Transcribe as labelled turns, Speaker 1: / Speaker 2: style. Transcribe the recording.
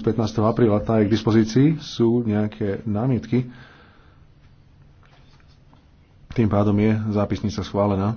Speaker 1: z 15. apríla, tá je k dispozícii. Sú nejaké námietky? Tým pádom je zápisnica schválená.